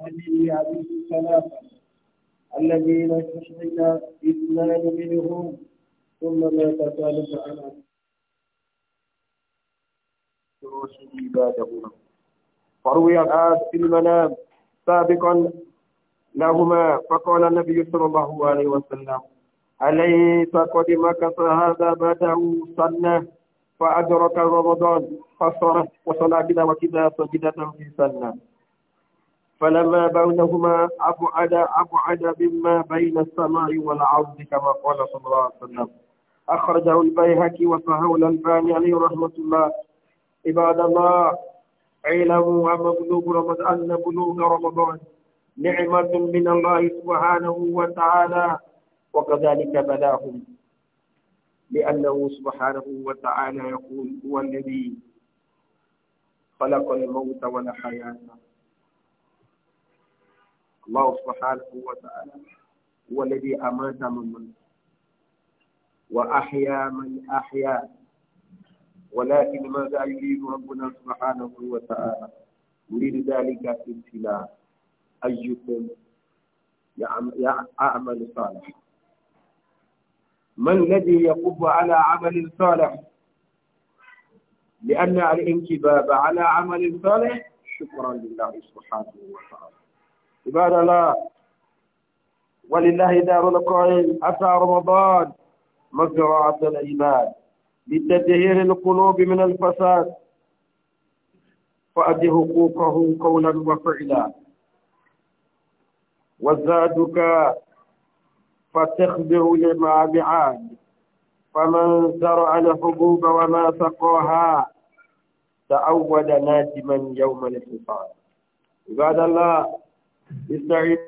هذه هذه الثلاثة الذين استحينا اثنان منهم ثم مات ثالث عن فروي وروي الآن في المنام سابقا لهما فقال النبي صلى الله عليه وسلم أليس قد مكث هذا بعده سنة فأدرك رمضان فصرف وصلى كذا وكذا سجدة في سنة فلما بينهما أبعد أبعد مما بين السماء والأرض كما قال صلى الله عليه وسلم أخرجه البيهقي وصححه الألباني عليه رحمة الله عباد الله اعلموا ومغلوب رمضان أن بلوغ رمضان نعمة من الله سبحانه وتعالى وكذلك بلاهم لأنه سبحانه وتعالى يقول هو الذي خلق الموت والحياة الله سبحانه وتعالى هو الذي أمات من من وأحيا من أحيا ولكن ماذا يريد ربنا سبحانه وتعالى يريد ذلك في ابتلاء أيكم أعمل صالحا من الذي يقب على عمل صالح لأن الانكباب على عمل صالح شكرا لله سبحانه وتعالى عباد الله ولله دار القائل أتى رمضان مزرعة الإيمان لتدهير القلوب من الفساد فأد حقوقه قولا وفعلا وزادك فتخبر لما بعاد فمن زرع الحبوب وما سقاها تعود نادما يوم الحصاد عباد الله يستعيد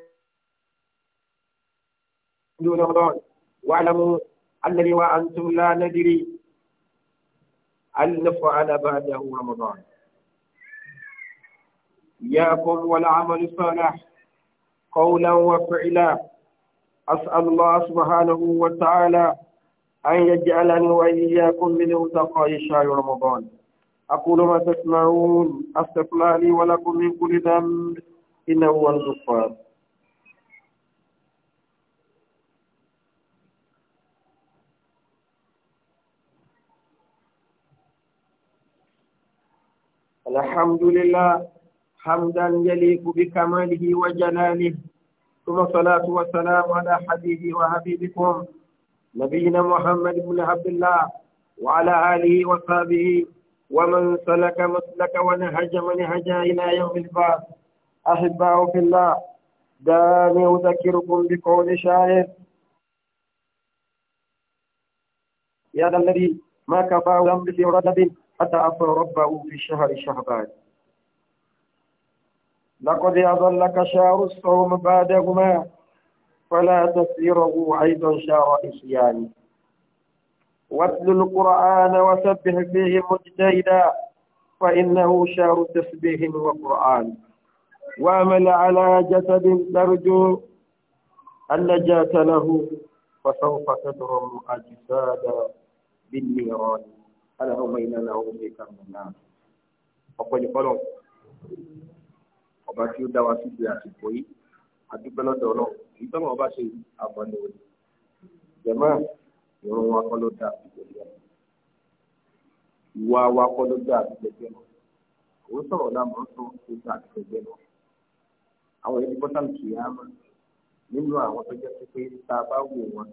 دون الله واعلموا أنني وأنتم لا ندري أن نفعل بعده رمضان ياكم والعمل الصالح قولا وفعلا أسأل الله سبحانه وتعالى أن يجعلني وإياكم من متقاي شهر رمضان أقول ما تسمعون أستغفر لي ولكم من كل ذنب إنه هو الغفار الحمد لله حمدا يليق بكماله وجلاله ثم صلاة وسلام على حبيبي وحبيبكم نبينا محمد بن عبد الله وعلى آله وصحبه ومن سلك مسلك ونهج منهجا إلى يوم البعث أحباء في الله دعني أذكركم بقول شاعر يا ذا الذي ما كفى ذنب في رجب حتى عصى ربه في الشهر شعبان لقد أضلك شهر الصوم بعدهما فلا تسيره أيضا شهر إسيان واتل القرآن وسبح فيه مجتهدا فإنه شهر تسبيح وقرآن واعمل على جسد ترجو النجاة له فسوف تدرم أجساد بالنيران اللهم إنا نعوذ بك من النار ọpẹ́ ní kọlọ ọba tí ó dá wa síbi àsìkò yìí adúpẹ́ lọ́dọ̀ Ọlọ́run èyí tọmọ ọba ṣe àbọnì òní jẹmọ ìrun wa kọ́ ló dá àbíjọ jẹ ìwà wa kọ́ ló dá àbíjọ jẹ òun sọ̀rọ̀ lámọ sọ tó dá àbíjọ jẹ náà àwọn ẹni bọ́tàlù kìyàmà nínú àwọn tó jẹ́ pé tá a bá wò wọn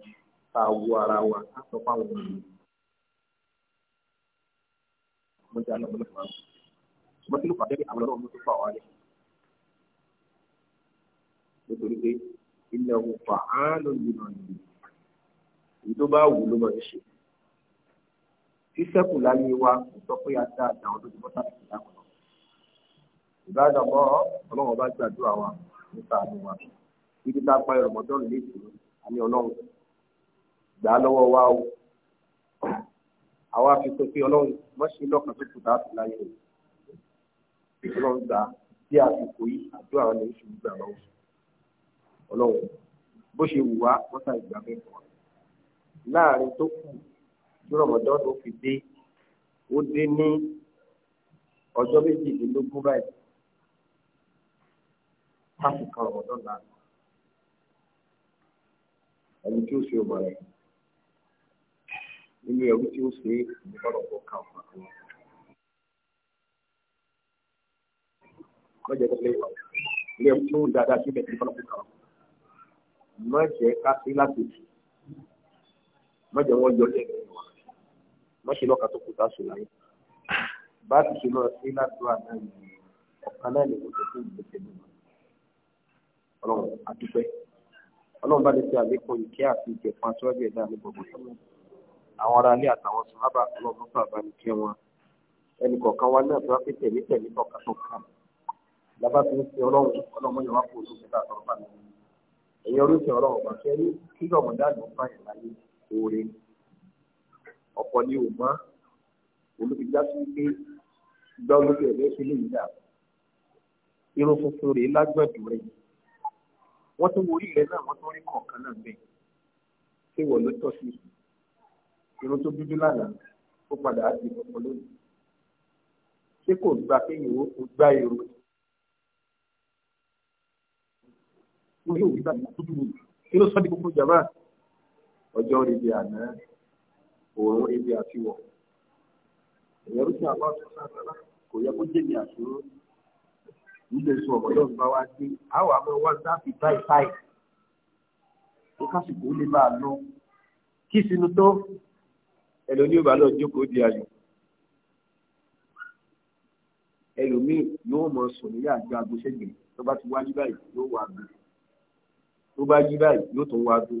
tá a wo ara wa á sọ fún àwọn ènìyàn. mo jẹ́ àlọ́ ọmọdé wa ṣùgbọ́n kí ló fà bẹ́ẹ̀ àwọn ọlọ́run tó fà wá lẹ̀. nítorí pé ilẹ̀ òun fà á ló yìí náà nìyí èyí tó bá wù ló máa ń ṣe. sísẹ́kù láyé wa kò sọ pé a dá àtàwọn tó ti bọ́tàlù kìyàmà ìbáraga mọ́ ọlọ́run ọba gbàdúrà wa nípa àánú wa títí tá a parí rọmọdọ́nù létí àmì ọlọ́run gbà á lọ́wọ́ wa o àwa fi pé pé ọlọ́run mọ́ṣẹ́ lọ́kàn tó kùtà sí láyé rẹ̀ ọlọ́run gbà bí àsìkò yìí àdúrà wọn lè ṣe gbà lọ́wọ́ ọlọ́run bó ṣe wù wá wọ́n sá ìgbà mẹ́fọ́ láàrin tó kù tí rọmọdọ́nù fi dé ó dé ní ọjọ́ méjìlélógún báyìí lásìkò ọ̀rọ̀mọdún náà ẹni tí ó ṣe ọmọ rẹ nínú ẹrú tí ó ṣe ìmọ̀ràn ọ̀pọ̀ kan pàtó má jẹ́ kílẹ̀ wà ilé ẹrú tí ó ń dáadáa sí ilẹ̀ ìmọ̀ràn ọ̀pọ̀ kan má jẹ́ ká láti tù má jẹ́ yọ ní ẹ̀rọ ìwà má lọ́ka tó kù tá láyé bá a ti ṣe lọ sí ládùúgbò àná yìí ọ̀kan náà lè wọ́n tó fún ìgbésẹ̀ ọlọ́run àdúpẹ́ ọlọ́run bá lè ṣe àlékún ìkẹ́ àti ìjẹ̀fún aṣọ́jú ẹ̀dá ní gbogbo ìlú àwọn ará ilé àtàwọn sàhábà ọlọ́run fún àbánikẹ́ wọn ẹnì kọ̀ọ̀kan wa náà tó wá pé tẹ̀lé tẹ̀lé kọ̀ọ̀kan tó kàn lábá tó ń ṣe ọlọ́run ọlọ́run yẹn wá kó oṣù kẹta àtọ̀rọ̀ bá mi ẹ̀yin oríṣi ọlọ́run bá fẹ́ rí kí ọmọdáàdùn bá yẹn láyé oore ọ̀pọ̀ ni ò mọ́ olùbíjá sí pé gbọ́ lókè rẹ̀ ṣe lè yíra irun funfun rèé lágbẹ̀dùn rẹ̀ yìí wọ́n tún wo orí rẹ̀ náà wọ́n tún rí kọ̀ọ̀kan náà bẹ́ẹ̀ ṣé wọ̀ ló tọ́ sí irun tó dúdú lánàá ó padà á di pọ̀pọ̀ lónìí ṣé kò gba kéèyàn ó kò gbá èrò mo yóò wí báyìí dúdú mi kí ló sọ di gbogbo jàmá ọjọ́ rèébi àná òórùn rèébi àtiwọ̀ èèyàn ló ti àwọn àtúnṣe àtàlà kò yẹ kó jẹ́ àṣírí nílé sọ ọmọdé ọgbà wa dé àwọn àmọ wásaapì táìtáì ó kásìkò ó lè bá a lọ kí sinú tó ẹlòmíì ò bá lọ jókòó di ayò ẹlòmíì yóò mọ sùn nílé àjọ agbóṣẹgbẹ tó bá ti wá jí báyìí yóò wá gbé tó bá jí báyìí yóò tún wá gbé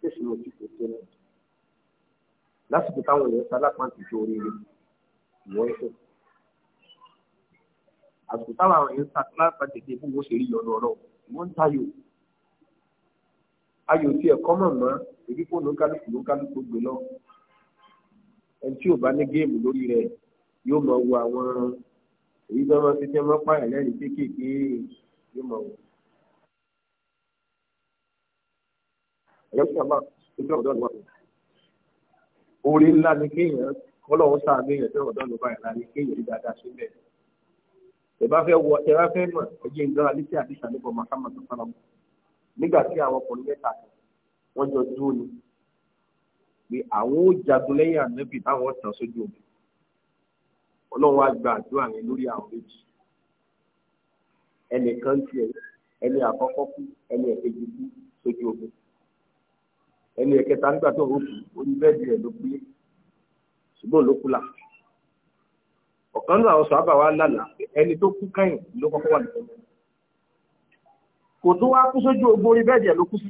tẹsán lọ sí kòtò náà lásìkò táwọn èèyàn sá lápá ti fi oríire ìwọ ẹsẹ àsìkò táwọn àwọn èèyàn ta kíláàsì àtẹ̀tẹ̀ fún wọn ṣe rí ọ̀nà ọ̀rọ̀ wọ́n ń tayò ayò tí ẹ̀kọ́ mọ̀ mọ́ èdè fóònù kálukú ló kálukú gbé lọ ẹni tí ò bá ní géèmù lórí rẹ̀ yóò mọ̀ wo àwọn èyí tó máa ti tẹ́ mọ́ pààyàn lẹ́yìn kéékèèké yóò mọ̀ wò. ẹ̀yọ́ sábà ojú ọ̀dọ́ ló wà lọ. orí ńlá ni kéèyàn kọ́lọ́hún sáà gbé yẹn tó ọ̀dọ́ ló báyìí láàrin kéèyàn rí dáadáa síbẹ̀ tẹ̀bá fẹ́ wọ tẹ̀bá fẹ́ mọ̀ ẹ̀jẹ̀ nǹkan alẹ́sẹ̀ àti sàlẹ́bọ̀ Muhammad sọ̀rọ̀ nígbà tí àwọn ọkùnrin mẹ́ta wọ́n jọ dúró ni pé àwọn ó jagun lẹ́yìn ànábì táwọn tàn sójú omi ọlọ́run á gba àdúrà yẹn lórí àwọn méjì ẹnìkan tiẹ̀ ẹni àkọ́kọ́ kú ẹni ẹ̀kejì kú sójú omi ẹni ẹ̀kẹta nígbà tó ń rò kù ó ní bẹ́ẹ̀ di rẹ̀ ló gbé ṣùgbọ́n ló kú là. ọ̀kan ọsọ àwọn sọ̀rọ̀ wa lálàá ẹni tó kú kẹ́yìn ló kọ́kọ́ wà nìkan kò tó wá kú sójú ogbó orí bẹ́ẹ̀ ló kú sí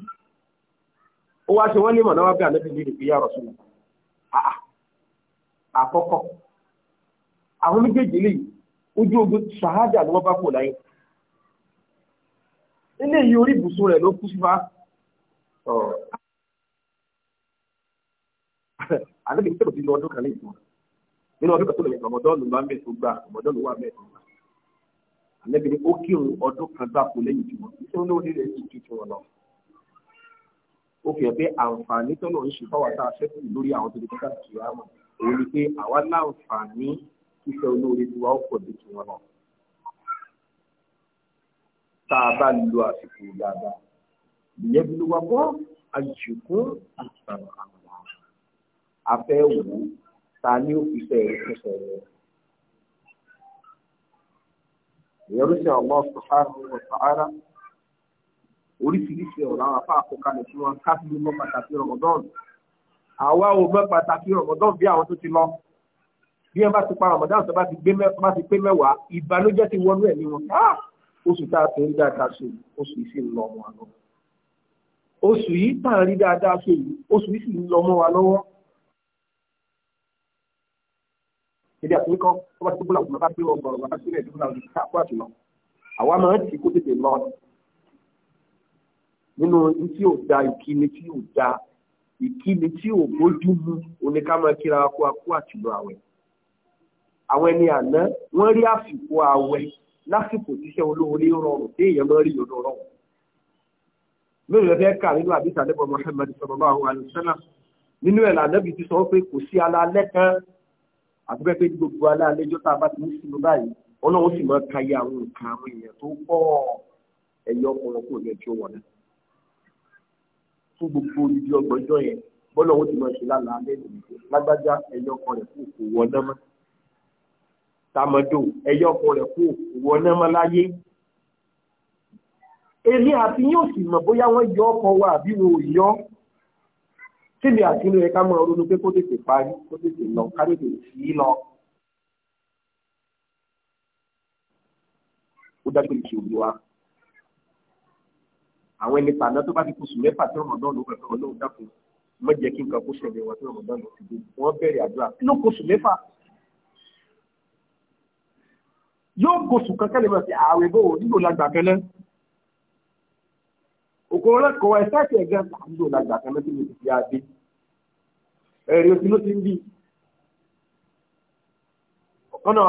ó wá ṣe wọ́n ní mọ̀nà wá bí àlejò ní yàrá sọ̀rọ̀ lè ojú ogun ṣàhádà ni nínú ọdún kàtó lè rọmọdọ́ọ̀nù bá mẹ́ẹ̀ tó gbà rọmọdọ́ọ̀nù wà mẹ́ẹ̀ tó gbà àlẹ́bí ni ó kírun ọdún kan gbàpò lẹ́yìn tí wọ́n tó lórí rẹ̀ sì tuntun wọn lọ. ó fi hàn pé àǹfààní tó náà ń ṣe fáwọn tá a ṣẹ́kù lórí àwọn tó lè kọ́kà kì á mọ̀ òun ni pé àwa láǹfààní fífẹ́ olóore tí wàá pọ̀ ju tiwọn lọ. tá a bá lo àsìkò dáadáa ìyẹn ló wá bọ́ àjùkún àtàwọn àwọn àfẹ́ ta ní òfìsẹ́ ìfẹsẹ̀ rẹ̀. ìyọrúṣẹ́ ọmọ subhanahu wa ta'ala oríṣiríṣi ọ̀rọ̀ àwọn afá àkọkalẹ̀ tí wọ́n ká sílé mọ́ pàtàkì rọmọdọ́ọ̀nù àwa ò mọ̀ pàtàkì rọmọdọ́ọ̀nù bí àwọn tó ti lọ bí wọ́n bá ti pa rọmọdọ́ọ̀nù tó bá ti pé mẹ́wàá ìbànújẹ́ ti wọnú ẹ̀mí wọn oṣù tá a fi ń dáadáa ṣe oṣù yìí sì ń lọ ọmọ wa lọ́wọ́ oṣù yìí tá a rí dáadáa ṣe yìí oṣù yìí sì ń lọ ọmọ wa lọ́wọ́ ebi àti nǹkan tó bá ti kúlà òkùnrin bá ti rọ ọgbọrọ bàbá sílẹ̀ tó kúlà òkùnrin ká kó àtúnlọ àwa máa ń tì kó tètè lọ nínú tí ò da ìkíni tí ò da ìkíni tí ò bójú mu oníkàmọ́ kíra kó akó àtúnlọ àwẹ̀ àwọn ẹni àná wọ́n rí àsìkò àwẹ̀ lásìkò tíṣẹ́ olóore rọrùn téèyàn máa rí yòdò rọrùn lórí rẹ fẹ́ kà nínú àdìsá lẹ́bọ̀ Muhammad sallallahu alaihi wasallam nínú ẹ̀ làdẹ́bí ti sọ pé kò sí alalẹ́ kan àtúbẹ́ pé gbogbo aláàlẹ́jọ́ tá a bá ti ń sinmi báyìí ọlọ́run sì máa kaya àwọn nǹkan àwọn èèyàn tó pọ̀ ẹ̀yọ ọkùnrin kò yẹ kí ó wọ̀nà fún gbogbo olùdí ọgbọ̀njọ́ yẹn bọ́lá òun ti máa ṣe lálàá lẹ́nu lágbájá ẹ̀yọ ọkọ rẹ̀ kò kò wọ̀nà mọ́ tàmọ̀dò ẹ̀yọ ọkọ rẹ̀ kò kò wọ̀nà mọ́ láyé èmi àti yóò sì mọ̀ bóyá wọ́n yọ ọkọ wa àbí wọn ò yọ ọ́ síbi àtúnú yẹ ká máa ronú pé kó tètè parí kó tètè lọ ká tètè tì í lọ. ó dájú ìṣe òbí wa àwọn ẹni tàná tó bá ti kóṣù mẹ́fà tí ọmọdé ọ̀nà òkè ọlọ́run dákun má jẹ́ kí nǹkan kó ṣẹlẹ̀ wọn tí ọmọdé ọ̀nà ti dé wọ́n bẹ̀rẹ̀ àdúrà inú kóṣù mẹ́fà yóò kóṣù kankan lè máa ṣe ààwẹ̀ bò nílò lágbàkẹ́lẹ́ òkò ọlọ́kọ̀ ẹ̀sẹ̀ àti ẹ̀gá àdúgbò làgbà kan lọ́tí mi ti fi adé ẹ̀rí oṣù ló ti ń bì. ọ̀kan náà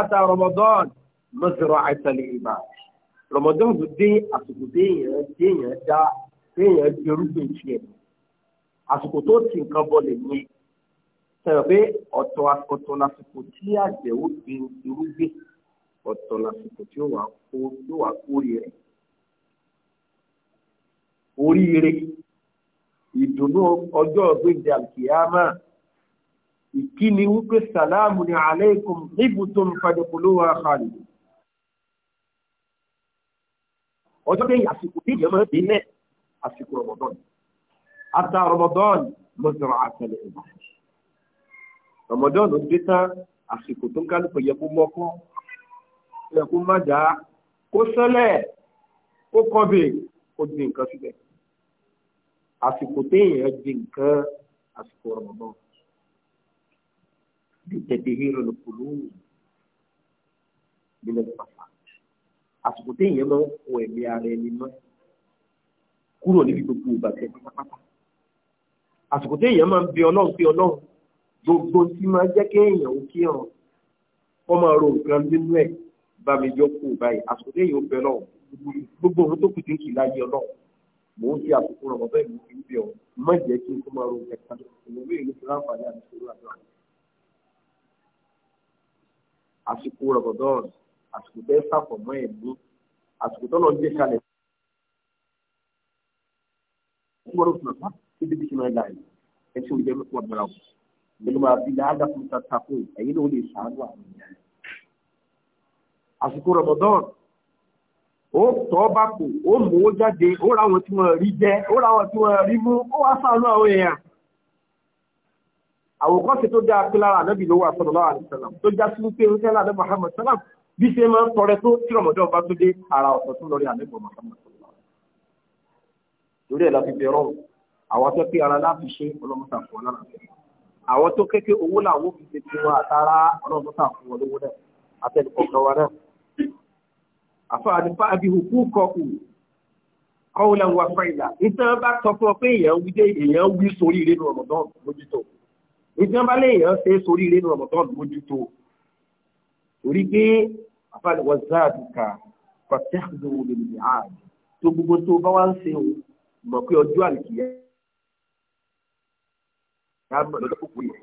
àtà Ramadan mọ́sẹ̀rọ̀ àìsàlẹ̀ ìgbà Ramadan tó dé àsìkò déèyàn dá déèyàn di orúgbìn tiẹ̀ àsìkò tó ti nǹkan bọ̀lẹ̀ yẹn sọ̀rọ̀ pé ọ̀tọ̀ ọ̀tọ̀ lásìkò tí àgbẹ̀ ó gbin irúgbìn ọ̀tọ̀ lásìkò tí ó wà kórè oríire ìdùnnú ọjọ́ gbèdé alkiyama ìkíni wípé sàlámù ní aleikum níbùtún fàdékulówà khalid ọjọ́ pé àsìkò tí ìjọba ti lẹ̀ àsìkò rọmọdọ́n ata rọmọdọ́n mọ́sọ̀rọ̀ àtẹlẹ ìgbà rọmọdọ́n ló dé tán àsìkò tó ń kálukọ̀ yẹ kó mọ́kọ́ yẹ má dáa kó sẹ́lẹ̀ kó kọ́bẹ̀ kó di nǹkan síbẹ̀ àsìkò téèyàn jẹ nǹkan àsìkò Ramadan bí tètè hírò ló kù lóhùn nínú ìpàfà àsìkò téèyàn máa ń kó ẹ̀mí ara ẹni mọ́ kúrò níbi gbogbo ìbàjẹ́ pátápátá àsìkò téèyàn máa ń bí ọlọ́run bí ọlọ́run gbogbo tí máa jẹ́ kéèyàn ó kí ọ̀ràn wọ́n máa ro nǹkan nínú ẹ̀ bá mi yọ kó báyìí àsìkò téèyàn ó bẹ ọlọ́run gbogbo ohun tó kù tí kì láyé ọlọ́run mò ń fi àkókò rọ̀mọ́ bẹ́ẹ̀ mò ń fi ń bẹ̀ ọ́ má jẹ́ kí n kó máa ro kẹta ìwọ bí èyí ti láǹfààní àti ìṣòro àdúrà àsìkò rọ̀gọ̀dọ́n àsìkò tẹ́ sàfọ̀mọ́ ẹ̀ mú àsìkò tọ́lọ́ ń gbé kalẹ̀ tí wọ́n lọ sùn àpá tí bíbí sinmi ẹ̀dá yìí ẹ̀ tí olùjẹ́ mẹ́kọ́ àgbàrá nínú máa bí dáadá fún tata kó ẹ̀yin náà ó lè sàánú àwọn ènìyàn àsìkò rọ̀gọ̀dọ́n ó tọ́ bá kò ó mówó jáde ó ráwọn tí wọ́n rí jẹ ó ráwọn tí wọ́n rí mú ó wá ṣàánú àwọn èèyàn àwòkọ́sí tó dáa pé lára ànábì lówó sallallahu alaihi wasallam tó já sí pé ó tẹ́lá ànábì Muhammad sallam bí ṣe máa ń tọrẹ tó tí Ramadan bá tó dé ara ọ̀sán tó lọ rí ànábì Muhammad sallam lórí ẹ̀ láti bẹ̀rọ̀ àwọn tó pé ara láti ṣe ọlọ́mọta fún ọlọ́run àwọn tó kéke owó làwọn fi ṣe tiwọn àtàrà ọlọ́mọta fún ọlọ́wọ́ náà àtẹnukọ̀ọ̀kan náà àfọwọ́dún fáàbí hùkú kọkù kọ́wùlẹ̀ wà fáìlà nítorí bá sọ fún ọ pé èèyàn wí dé èèyàn wí sórí ìrẹ́nu ọ̀mọ̀dán mójútó nítorí bá lé èèyàn ṣe sórí ìrẹ́nu ọ̀mọ̀dán mójútó torí pé àfọwọ́dún wọ́n záàdù ká pàtẹ́kùdù omi ní ààrẹ tó gbogbo tó bá wá ń ṣe o mọ̀ pé ọjọ́ àlùkìyẹ́ yà mọ̀ lọ́dọ̀ kúkú yẹn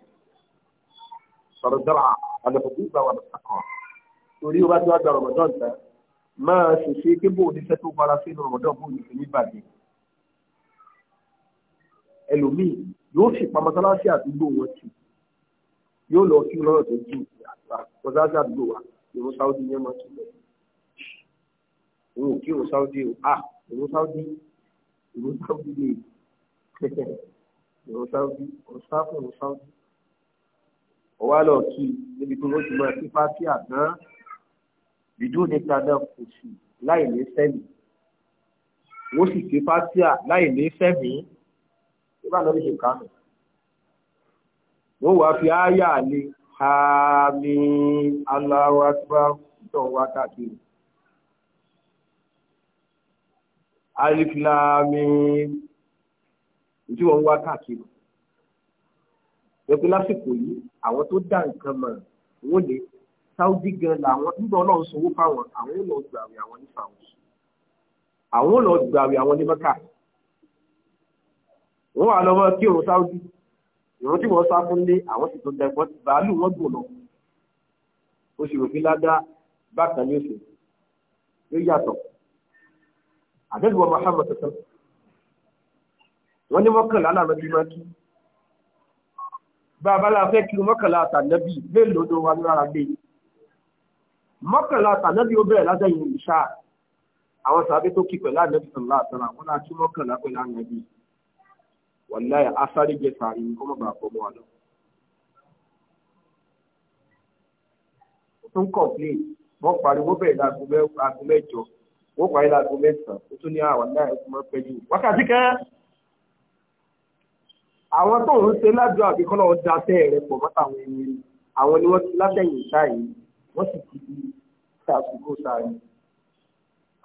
sọ̀rọ̀ dára àlẹ́ máa ṣèṣe pé bó oníṣẹ́ tó bára sínú ọ̀dọ́ bó oníṣẹ́ ní bàjẹ́ ẹlòmíì yóò sì pa mọ́sálásí àdúgbò wọn tì yóò lọ sí lọ́rọ̀ tó jù àgbà mọ́sálásí àdúgbò wa ìrún sáúdí yẹn máa tún lọ òun ò kí ìrún sáúdí o à ìrún sáúdí ìrún sáúdí lè kẹ̀kẹ́ ìrún sáúdí ìrún sáfù ìrún sáúdí ọwọ́ àlọ́ kí níbi tó wọ́n ti máa fi pátí àgbọ̀n bìdúró ní tàdá kò sí láì lè sẹ́mi wọ́n sì ké fásíà láì lè sẹ́mi nígbà náà lè ṣe kánú wọ́n wá fi ááyà lé àmì Allahu Akbar tó wá káàkiri. Alif Lam Mim tí wọ́n ń wá káàkiri. Pẹ̀lú lásìkò yìí, àwọn tó dá nǹkan mọ̀ wọ́n lè Saudi gan làwọn nígbà ọlọ́run sanwó fáwọn àwọn ò lọ gbàwé àwọn ní Saudi àwọn ò lọ gbàwé àwọn ní Mẹ́kà wọ́n wà lọ́wọ́ kí òun Saudi ìrún tí wọ́n sá fún lé àwọn sì tó dẹ́gbọ́n bàálù wọ́n gbò lọ oṣù òfin ládàá bákan ní oṣù ló yàtọ̀ àdéhùn Muhammad tuntun wọ́n ní mọ́kànlá làwọn bí máa kí bàbá la fẹ́ kí mọ́kànlá àtàlẹ́bí mélòó ló wà lára gbé yìí mọ́kànlá tànábì ó bẹ̀rẹ̀ látẹ̀yìn ìṣá àwọn sàbí tó kí pẹ̀lú ànábì sọ̀rọ̀ àtàrà wọn láti mọ́kànlá pẹ̀lú ànábì wàláyà asáré jẹ sàárì ní kọ́mọ̀ bá fọmọ wa lọ. tún kọ̀pléè wọ́n parí wọ́n bẹ̀rẹ̀ láago mẹ́jọ wọ́n parí láago mẹ́sàn-án ó tún ní àwọn náà ẹ̀kú máa ń pẹ́ jù wákàtí kan. àwọn tó ń ṣe ládùúgbò àbíkọ́lọ́ ọ̀dà tẹ́ ẹ̀rẹ́ pọ̀ mọ́tàwọn ẹni àwọn wọ́n sì ti di sàṣùkò sáré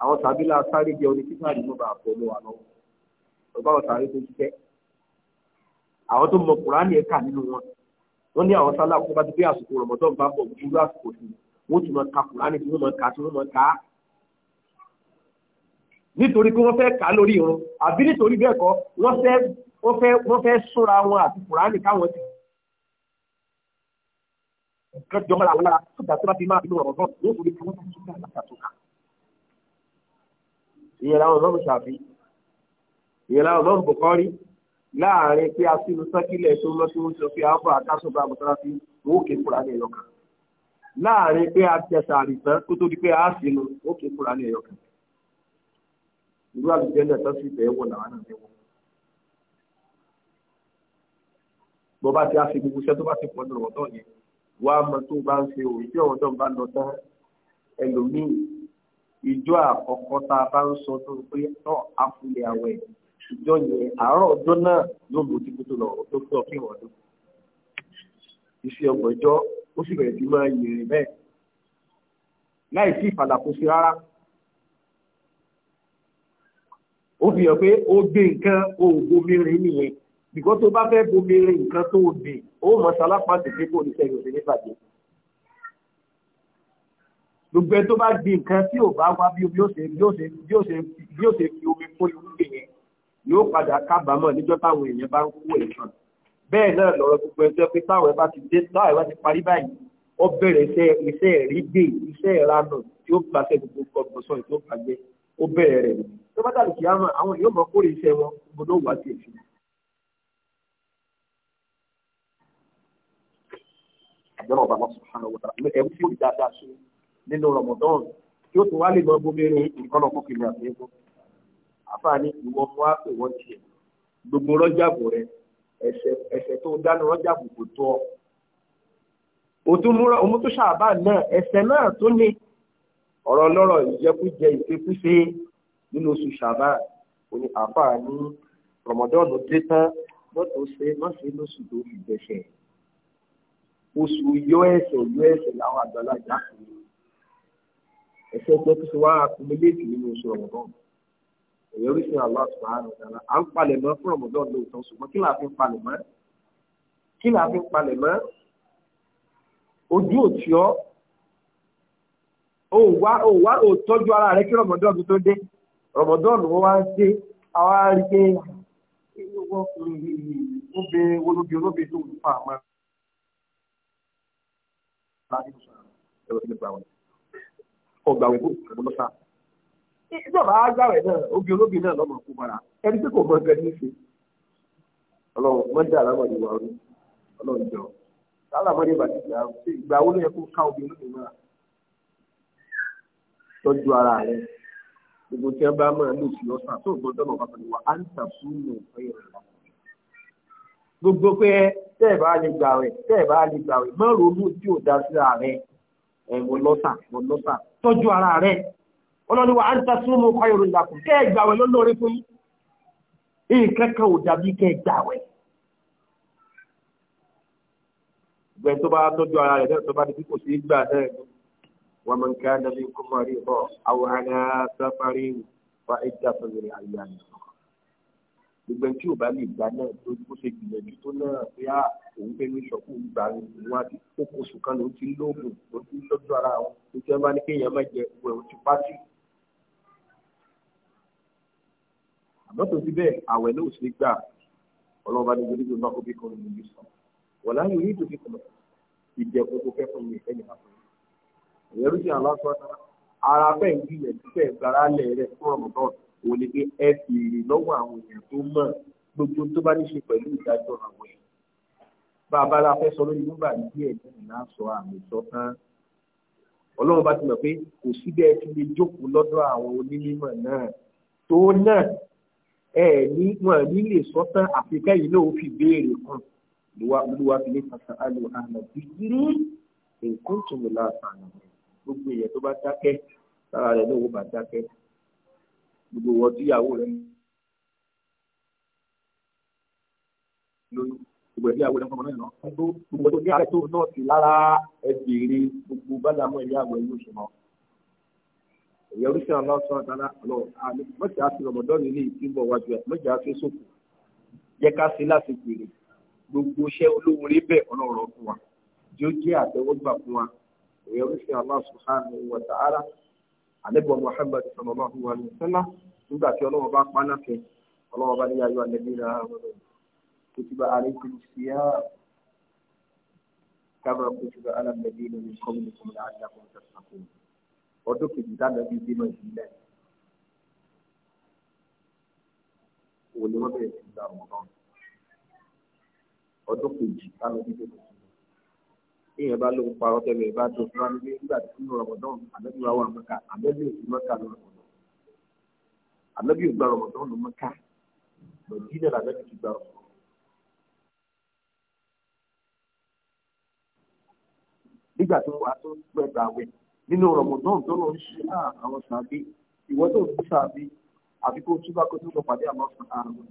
àwọn sàbílà sáré jẹ́ oní títà nínú bá àpọ̀lọ́ wa lọ́wọ́ ọba àwọn sáré tó ṣiṣẹ́ àwọn tó mọ kùránì ẹ̀ka nínú wọn wọ́n ní àwọn sálà kó bá ti pé àsìkò rọ̀mọ́dọ́n bá bọ̀ gbúrú àsìkò sí wọ́n ti mọ ka kùránì tí wọ́n mọ ka tí wọ́n mọ ka nítorí pé wọ́n fẹ́ kà lórí irun àbí nítorí bẹ́ẹ̀ kọ́ wọ́n fẹ́ wọ́n fẹ́ súnra wọn àti kùránì káwọn ti nǹkan jọmọ́ làwọn lára tó dà tó bá fi máa fi lọ́rọ̀ náà yóò fi lè fi wọ́n tó tó àlàkà tó kà. ìyẹn làwọn ọmọ ṣàfi ìyẹn làwọn ọmọ bùkọ́rí láàrin pé a sínú sẹ́kílẹ̀ tó lọ sí oúnjẹ fi àbọ̀ àtàṣọba àbùtàràfi owó kè fúra ní ẹ̀yọkàn láàrin pé a tẹ̀sà àrìsán kó tó di pé a sínú owó kè fúra ní ẹ̀yọkàn ìlú àlùjẹ́ náà tó sì bẹ́ẹ̀ wọ̀ làwọn náà bẹ́ẹ̀ wọ̀. bọ́ bá ti a fi gbogbo iṣẹ́ tó bá ti pọ̀ ní ọ̀rọ̀ náà yẹn wá mọ tó bá ń ṣe òun tí ọ̀hún náà bá lọ tán ẹlòmíì ìjọ àkọ́kọ́ tá a bá ń sọ tó pé tọ́ àfúlẹ̀ àwẹ̀ ìjọ yẹn àárọ̀ ọjọ́ náà yóò lò tí kò tó lọ tó tó kí wọ́n dún. iṣẹ́ ọgbọ̀njọ́ ó sì bẹ̀rẹ̀ sí máa yèrè bẹ́ẹ̀ láì sí ìfàlàkó sí rárá. ó fi hàn pé ó gbé nǹkan ó bomi rin nìyẹn bìkọ́ tó bá fẹ́ bomi rin nǹkan tó o ó mọ sálápá tètè kó ní sẹ́yìn òsè ní bàjẹ́. gbogbo ẹ tó bá di nǹkan tí ò bá wá bí ó ṣe fi omi kó irúgbìn yẹn yóò padà kábàámọ̀ níjọ́ táwọn èèyàn bá ń kó ẹ̀sán bẹ́ẹ̀ náà lọ́rọ̀ gbogbo ẹjọ́ pé táwọn ẹbá ti dé táwọn ẹbá ti parí báyìí ó bẹ̀rẹ̀ iṣẹ́ iṣẹ́ rí dé iṣẹ́ ìranù tí ó gbàṣẹ gbogbo ọgbọ̀nsán tí ó gbàgbé ó bẹ̀rẹ̀ rẹ̀ tó bá dàbí kìí àmọ́ àwọn yóò mọ kórè iṣẹ́ wọn gbogbo wà sí i. lọ́rọ̀ bàbá subhanahu wa ta'ala ẹ̀rú tí ó dáadáa ṣe nínú Ramadan tí ó tún wá lè lọ bómi rin nǹkan ọkọ̀ kìnìún àti ẹ̀kọ́ àfààní ìwọ fún wa pè wọ́n tiẹ̀ gbogbo rọ́jàbù rẹ ẹ̀ṣẹ̀ tó dánú rọ́jàbù kò tó ọ. òtún múra òun tó náà ẹ̀ṣẹ̀ náà tó ní ọ̀rọ̀ lọ́rọ̀ ìjẹkújẹ ìfẹ́kúṣe nínú oṣù ṣàbà òní àfààní Ramadan dé tán mọ́tò ṣe mọ́ṣe lóṣù tó fi gbẹ̀ṣẹ̀ oṣù yọ ẹ̀ṣẹ̀ yọ ẹ̀ṣẹ̀ làwọn àgbàlagbà kò ní ẹ̀ṣẹ̀ tó tó wá akumuléètì nínú oṣù ọ̀mọ̀dán èyàn rí sí Allah subhanahu wa ta'ala à ń palẹ̀ mọ́ fún ọ̀mọ̀dán lóòótọ́ ṣùgbọ́n kí làá fi ń palẹ̀ mọ́ kí làá fi ń palẹ̀ mọ́ ojú òtíọ́ ó wá ó wá ó tọ́jú ara rẹ kí ọ̀mọ̀dán tó dé ọ̀mọ̀dán wọn wá ń dé àwa rí pé ó bẹ olóbi olóbi tó ń fa àmọ́ ẹ̀rọ sílẹ̀ gbàwẹ̀ ọgbàwẹ̀ kó ìgbàgbọ́ lọ́sà. ìjọba agbáwẹ̀ náà obi olóbi náà lọ́mọ kó bára ẹni tí kò mọ ẹgbẹ́ ní í ṣe. ọlọ́run mọ́jà aláwọ̀ ni wàá rú ọlọ́run jọ alámọ̀dé bàtí ìgbà wo ló yẹ kó ká obi olóbi náà tọ́jú ara rẹ̀ gbogbo tí wọ́n bá máa lò sí ọ̀sán tó gbọ́dọ̀ lọ́wọ́ gbogbo pé tẹ́ ẹ̀ bá lè gbà rẹ̀ tẹ́ ẹ̀ bá lè gbà rẹ̀ má ronú tí ò dá sí ààrẹ ẹ̀ wọ́n lọ́sà wọ́n lọ́sà tọ́jú ara rẹ̀ ọlọ́ni wa àǹtà súnmù kọ́yọ̀rọ̀ ìlàkùn kẹ́ ẹ̀ gbà rẹ̀ lọ́lọ́rẹ́ fún yín ìkẹ́kẹ́ ò dàbí kẹ́ ẹ̀ gbà rẹ̀. ìgbẹ́ tó bá tọ́jú ara rẹ̀ náà tó bá dikí kò sí gbà náà wọ́n mọ̀ nǹkan nàbí kọ́mọ̀rí bọ̀ àwọn àná sáfárì wà ìjà sọ̀rọ̀ àyè àyè gbogbo ẹni tí ò bá lè gbà náà tó kó ṣe gbìyànjú tó náà pé à ah, òun fẹ́ ní sọ́kù gbà òun àti kókó sùkán ló ti lóògùn ló ti lọ́jọ́ ara wọn tó ti bá ní kéèyàn má jẹ òun ẹ̀hún ti pátì. àmọ́ tó ti bẹ́ẹ̀ àwẹ̀ náà ò sí gbà ọlọ́ba ní gbẹdẹ́gbẹ́ bá kó bí kan ní sọ wọ́n láyé orí tó fi ìjẹ̀kùn tó fẹ́ fún mi ẹnì ara bẹ́ẹ̀ fún ọmọdọ́ọ̀tún òun ni pé ẹ béèrè lọ́wọ́ àwọn èèyàn tó mọ̀ gbogbo tó bá ní ṣe pẹ̀lú ìdájọ́ àwọn ẹ̀. bá a bá la fẹ́ sọ lórí nígbà díẹ̀ díẹ̀ náà sọ àmì sọ tán ọlọ́run bá ti mọ̀ pé kò síbẹ̀ ẹ ti lè jókòó lọ́dọ̀ àwọn onímọ̀ náà tó náà ẹ ní wọn ní lè sọ tán àfikẹ́ yìí náà ó fi béèrè kan olúwa fi lè fàṣà àlò àmọ̀ bíkírí nǹkan tó mi láǹfààní gbogbo èèyàn tó bá dákẹ́ lára rẹ̀ náà ó bá dákẹ́ gbogbo wọ tí ìyàwó rẹ lóyún gbogbo ẹbí àwọn ẹlẹ́kọ̀ọ́ náà náà tó gbogbo tó ní àárẹ̀ tó náà sí lára ẹgbẹ̀rẹ̀ gbogbo bàdàmọ́ ẹ̀yà àwọn ẹ̀yìn òṣùmọ̀ ẹ̀yà oríṣi àwọn ọlọ́sọ ọ̀tara lọ mọ̀jà sí ọmọdọ́ni ilé ìtìbọ̀ wájú ẹ̀ mọ̀jà sí sókù jẹ́ ká sí láti gbèrè gbogbo iṣẹ́ olóore bẹ́ẹ̀ ọlọ́rọ̀ fún wa tí ó jẹ́ àtẹ́wọ́gbà fún wa ẹ̀yà oríṣi àwọn ọlọ́sọ àlẹ́bọ̀ Muhammad sallallahu alaihi wasallam nígbà tí ọlọ́wọ́ bá pa náà fẹ́ ọlọ́wọ́ bá ní ayọ̀ àlẹ́bí rà wọ́n kutiba alaykum siyam kama kutiba ala alladhina min qablikum la'allakum tattaqun ọdún kejì dáná bíi bímọ ìbílẹ̀ òní wọ́n bẹ̀rẹ̀ sí gbà wọ́n ọdún kejì dáná bíi bímọ ìbílẹ̀ èèyàn bá lóun parọ́ tẹ́lẹ̀ ẹ̀ bá tó fún wa nílé nígbà tí nínú rọmọdán àbẹ́bí wa wà mọ́ká àbẹ́bí òsì mọ́ká ló rọmọdán àbẹ́bí ògbà rọmọdán ló mọ́ká lọ́dínà làbẹ́bí ti gbà rọmọdán. nígbà tó wà tó pẹ́ gbà wẹ̀ nínú rọmọdán tó lọ ń ṣe àwọn sàbí ìwọ tó ń sàbí àbí kó túbà kó tó lọ pàdé àwọn sàbí.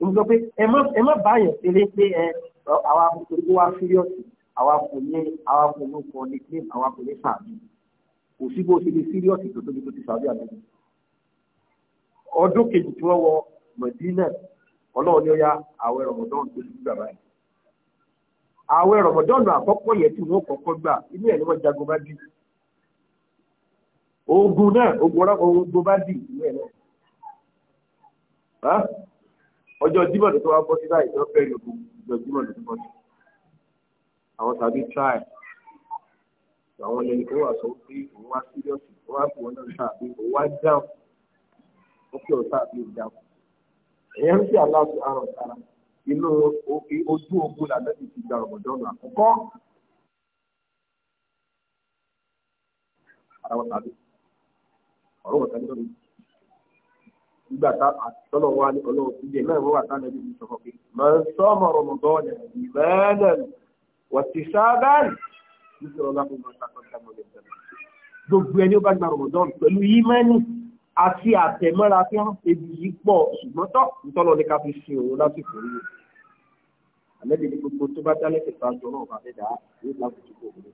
mo sọ pé ẹ má báyọ̀ ṣeré pé ẹ àwa kò wá síríọ̀sì àwa kò ní àwa kò ní kọ ní claim àwa kò ní sàbí kò sí bó ṣe lè serious tó tóbi tó ti sàbí àbẹ̀bí. ọdún kejì tí wọ́n wọ Mẹ̀dínà ọlọ́run ni ó yá àwẹ̀ rọ̀mọ̀dán tó ti gbà báyìí. àwẹ̀ rọ̀mọ̀dán àkọ́kọ́ yẹn tí wọ́n kọ́kọ́ gbà inú ẹ̀ ni wọ́n jagun bá dì. ogun náà ogun bá dì inú ẹ̀ náà. ọjọ́ Jímọ̀ tó wá bọ́ sí báyìí lọ́pẹ́ ìlú ọjọ́ Jímọ̀ tó bọ́ sí àwọn tàbí try àwọn ẹni tó wà sọ pé òun wá serious òun wá bò náà tàbí òun wá down ó kí òun tàbí down ẹ̀yẹ́ ń ṣe aláṣọ àrùn sára inú ojú ogun làbẹ́bí ti gba ọ̀gọ̀dọ́nù àkọ́kọ́ ara wọn tàbí ọ̀rọ̀ wọn tàbí lórí nígbà tá àtọ́nà wa ní ọlọ́run sílẹ̀ náà wọ́n wà tá lẹ́bí ti sọ̀rọ̀ pé mọ̀ ń sọ́mọ̀ rọ̀mọ̀dọ́nù ìbẹ́ẹ̀lẹ̀ واحتسابا مثل الله ما تقدم من ذنبه gbogbo ẹni ó bá gba rọmọdọ́n pẹ̀lú ìmánì àti àtẹ̀mọ́ra tí wọ́n ebi yìí pọ̀ ṣùgbọ́n tọ́ ìtọ́lọ ní ká fi ṣe òun lásìkò yìí àlẹ́bí ni gbogbo tó bá dálẹ́ kẹta jọ náà bá fẹ́ dà á ní láwùjọ kò wọlé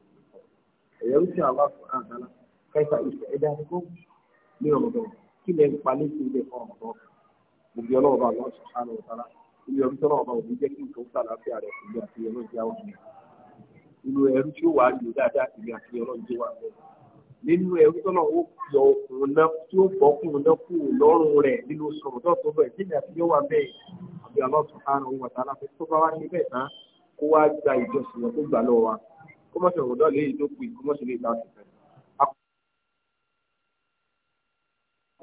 ẹ̀yẹ́ ń ṣe àwọn àgbàlá kẹta ìṣẹ̀ ẹ̀dá ẹ̀kọ́ ní rọmọdọ́n kí lẹ́ ń palẹ́ sí ilé fún rọmọdọ́n gbogbo ọlọ́ọ̀bá lọ́sàn-án ọ̀tara ilé ọ̀rọ̀ tọ́lọ́ọ̀bá òbí jẹ́ kí nǹkan ó inú ẹrú tí ó wà lò dáadáa ìrìn àti ọlọ́run tó wà bẹ́ẹ̀ nínú ẹrú tọ́nà ó yọ ọkùnrin náà tí ó bọ́ ọkùnrin náà kú lọ́rùn rẹ̀ nínú sọ̀rọ̀ tó tó bẹ̀ sílẹ̀ àti yọ wà bẹ́ẹ̀ àbí aláṣọ àrùn òun àtàlà fẹ́ tó bá wá ní bẹ́ẹ̀ tán kó wá gba ìjọsìn wọn tó gbà lọ wa kó má ṣe ọ̀rọ̀ náà léyìí tó kù kó má ṣe lè ta ọ̀sẹ̀ fẹ́.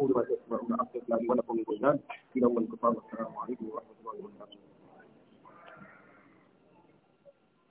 والسلام عليكم ورحمة الله وبركاته